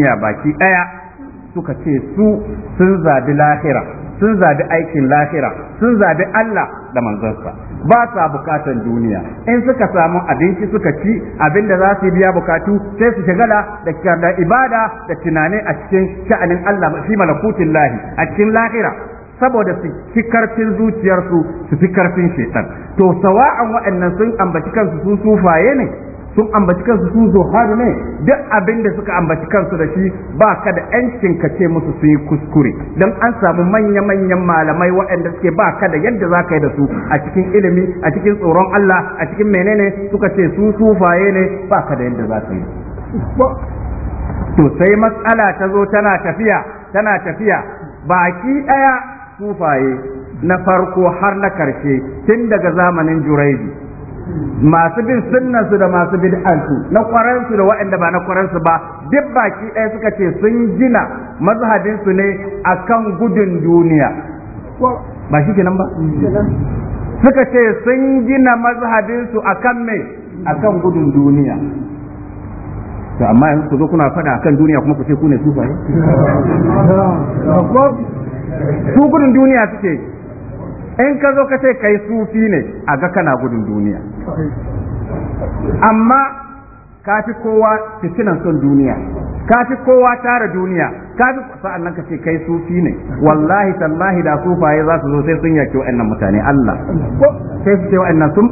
duniya baki ɗaya suka ce su sun zabi lahira sun zabi aikin lahira sun zabi Allah da manzansa ba sa bukatan duniya in suka samu abinci suka ci abin da za su biya bukatu sai su shagala da da ibada da tunani a cikin sha'anin Allah fi malakutin lahi a cikin lahira saboda su fi karfin zuciyarsu su fi karfin shaitan to sawa'an waɗannan sun ambaci kansu su sufaye ne sun ambaci kansu su har ne duk abin da suka ambaci kansu da shi ba ka da yancin ka ce musu sun yi kuskure don an samu manya-manyan malamai waɗanda suke ba ka da yadda za ka yi da su a cikin ilimi a cikin tsoron Allah a cikin menene suka ce su sufaye ne ba ka da yadda za ka yi to sai matsala ta zo tana tafiya tana tafiya baki ɗaya sufaye na farko har na karshe tun daga zamanin juraidi masu bin su da masu su na su da waɗanda ba na su ba duk baki ɗaya suka ce sun gina su ne akan gudun duniya ba shi kenan ba suka ce sun gina su akan me akan gudun duniya to amma yanzu ku zo kuna fada akan duniya kuma ku ce ku ne sufaye su gudun duniya suke in ka zo ka ce kai sufi ne a ga kana gudun duniya amma ka fi kowa fitinan son duniya ka fi kowa tara duniya ka fi kusa annan ka ce kai sufi ne wallahi tallahi da sufaye za su zo sai sun yaki wa'annan mutane Allah ko sai su ce wa'annan sun